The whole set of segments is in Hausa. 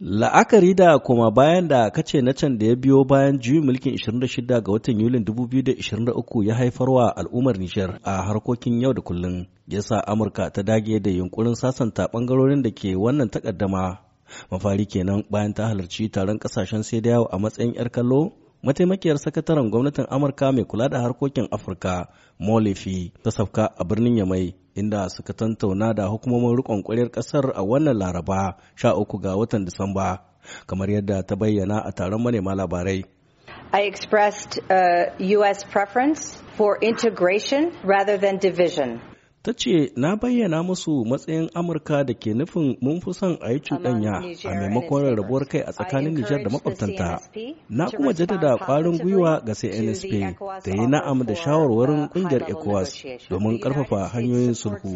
La'akari da koma bayan da kace na can da ya biyo bayan juyin mulkin 26 ga watan Yulin 2023 ya haifarwa al'ummar Nijar a harkokin yau da kullum ya sa Amurka ta dage da yunkurin sasanta ɓangarorin da ke wannan takaddama. Mafari kenan bayan ta halarci taron ƙasashen sai da yawa a matsayin 'yar kallo mataimakiyar sakataren gwamnatin amurka mai kula da harkokin afirka molifi ta safka a birnin yamai inda suka tantauna da hukumomin rikon kwarar kasar a wannan laraba 13 ga watan disamba kamar yadda ta bayyana a taron manema labarai I expressed a uh, U.S. preference for integration rather than division. ta ce na bayyana musu matsayin amurka da ke nufin mun fi son a yi cuɗanya a maimakon rarrabuwar kai a tsakanin nijar da makwabtanta na kuma jaddada ƙwarin gwiwa ga cnsp da yi na'am da shawarwarin ƙungiyar ecowas domin ƙarfafa hanyoyin sulhu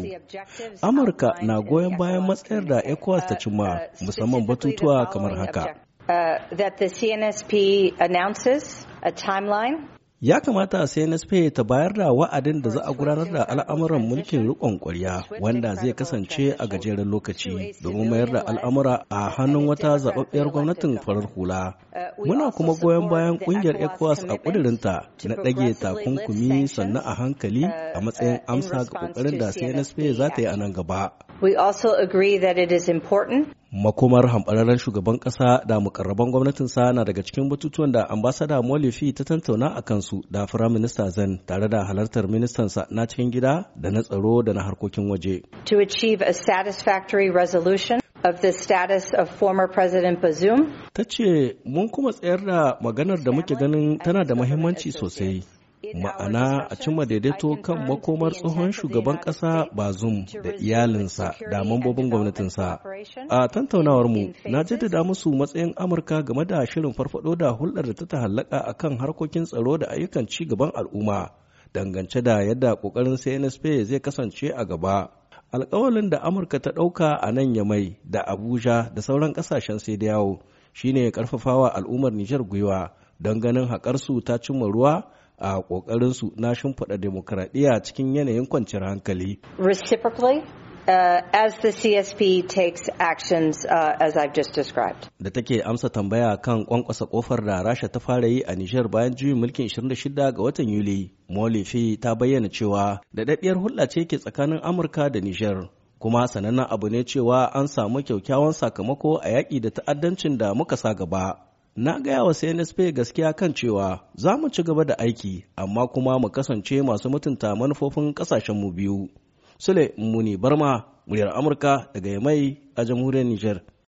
amurka na goyon bayan matsayar da ecowas ta uh, cimma uh, musamman batutuwa kamar haka uh, that the CNSP a timeline ya kamata sai CNSP ta bayar da wa'adin da za a gudanar da al'amuran mulkin rikon kwarya wanda zai kasance a gajeren lokaci domin mayar da al'amura a hannun wata zaɓaɓɓiyar gwamnatin farar hula. Muna kuma goyon bayan ƙungiyar ECOWAS a ƙudurinta na ɗage takunkumi sannan a hankali a matsayin amsa ga ƙoƙarin da sai CNSP za ta yi a nan gaba. We also agree that it important makomar hambararren shugaban kasa da mukarraban gwamnatinsa na daga cikin batutuwan da ambasada molifi ta tantauna a kansu da firaminista zan tare da halartar ministansa na cikin gida da na tsaro da na harkokin waje to achieve a satisfactory resolution of status of former President Bazoum. Ta ce, mun kuma tsayar da maganar da muke ganin tana da muhimmanci sosai ma'ana a cimma daidaito kan makomar tsohon shugaban ƙasa bazum da iyalinsa da mambobin gwamnatinsa a tantaunawar mu na jaddada musu matsayin amurka game da shirin farfado da hulɗar da ta tahallaka a kan harkokin tsaro da ayyukan ci gaban al'umma dangance da yadda ƙoƙarin cnsp zai kasance a gaba alkawalin da amurka ta ɗauka a nan ya mai da abuja da sauran ƙasashen sai da yawo shine ƙarfafawa al'ummar nijar gwiwa don ganin haƙarsu ta cimma ruwa a ƙoƙarinsu na shimfiɗa demokuraɗiyya cikin yanayin kwanciyar hankali. Reciprocally, Uh, as the CSP takes actions uh, as I've just described. Da take amsa tambaya kan ƙwanƙwasa ƙofar da Rasha ta fara yi a Nijar bayan juyin mulkin 26 ga watan Yuli, Molifi ta bayyana cewa daɗaɗɗiyar daɗiyar hulɗa ce ke tsakanin Amurka da Nijar. Kuma sanannen abu ne cewa an samu kyaukyawan sakamako a yaƙi da ta'addancin da muka sa gaba. na gaya wa CNSP gaskiya kan cewa za mu ci gaba da aiki amma kuma mu kasance masu mutunta manufofin mu biyu. Sule Muni Barma, muryar Amurka daga Yamai a jamhuriyar Nijar.